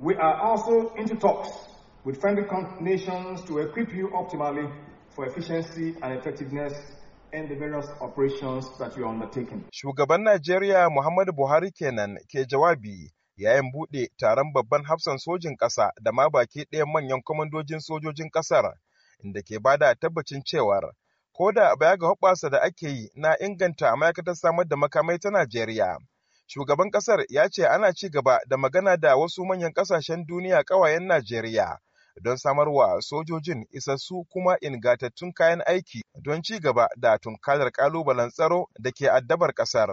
We are also into talks with friendly nations to equip you optimally for efficiency and effectiveness in the various operations that you are undertaking. Shugaban Najeriya Muhammadu Buhari kenan ke jawabi yayin buɗe taron babban hafsan sojin ƙasa da ma baki ɗaya manyan kwamandojin sojojin ƙasar inda ke bada tabbacin cewar ko da baya ga hoɓɓasa da ake yi na inganta ma'aikatar samar da makamai ta Najeriya. Shugaban ƙasar ya ce ana ci gaba da magana da wasu manyan ƙasashen duniya ƙawayen Najeriya don samarwa sojojin isassu kuma ingantattun kayan aiki don ci gaba da tunkarar kalubalen tsaro da ke addabar kasar.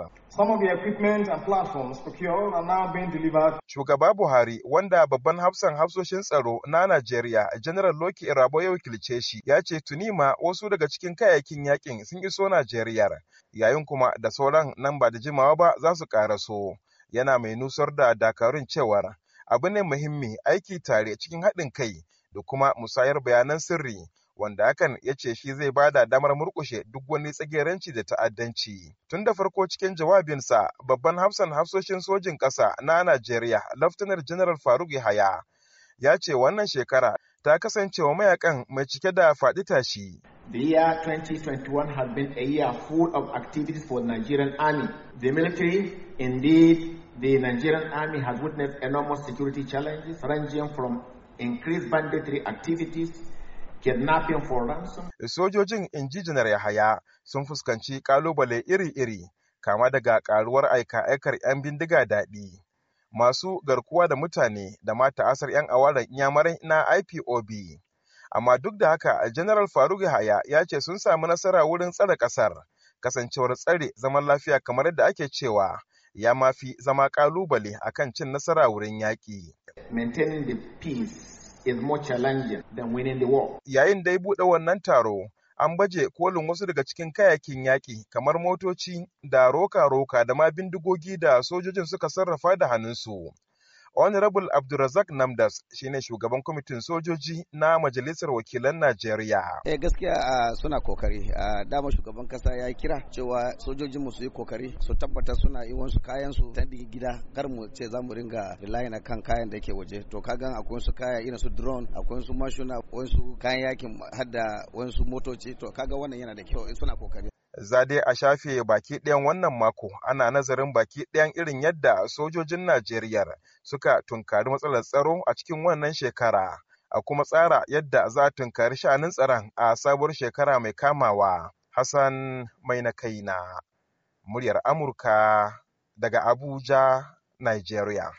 Shugaba Buhari wanda babban hafsan hafsoshin tsaro na Najeriya General Loki Irabo ya wakilce shi ya ce tuni ma wasu daga cikin kayayyakin yakin sun iso Najeriya yayin kuma da sauran nan ba da jimawa ba za su ƙaraso. Yana mai nusar da dakarun cewar abu ne muhimmi aiki tare cikin haɗin kai da kuma musayar bayanan sirri wanda hakan ya ce shi zai bada damar murƙushe duk wani tsagerenci da ta'addanci. Tun da farko cikin jawabinsa babban hafsan hafsoshin sojin ƙasa na Najeriya Laftanar General Faruk Yahaya ya ce wannan shekara ta kasancewa mayakan mai cike da faɗi tashi. The year 2021 has been a year full of activities for the Nigerian Army. The military, indeed, the Nigerian Army has witnessed enormous security challenges ranging from increased banditry activities, kidnapping for ransom. Sojojin in Janar Yahaya sun fuskanci kalubale iri-iri kama daga karuwar aika-aikar 'yan bindiga daɗi. Masu garkuwa da mutane da mata asar 'yan awaren inyamurai na IPOB. amma duk da haka general faruk yahaya ya ce sun samu nasara wurin tsare kasar kasancewar tsare zaman lafiya kamar yadda ake cewa ya mafi zama kalubale akan cin nasara wurin yaƙi. the is yayin da ya buɗe wannan taro an baje kolin wasu daga cikin kayakin yaƙi kamar motoci da roka-roka da ma bindigogi da sojojin suka sarrafa da hannunsu Honorable Abdulrazak Namdas shine shugaban kwamitin sojoji na Majalisar Wakilan Najeriya. Eh gaskiya ah, suna kokari. Ah, dama shugaban kasa ya kira cewa sojojin mu su yi kokari su tabbata suna yi wasu kayan su ta gida kar mu ce za mu ringa rely na kan kayan da ke waje. To kagan akwai su kaya irin su drone, akwai su mashina, akwai su kayan yakin hadda wasu motoci to kaga wannan yana da kyau eh, suna kokari. za dai a shafe baki ɗayan wannan mako ana nazarin baki ɗayan irin yadda sojojin najeriya suka tunkari matsalar tsaro a cikin wannan shekara a kuma tsara yadda za a tunkari sha'anin tsaron a sabuwar shekara mai kamawa hassan mai na kaina muryar amurka daga abuja nigeria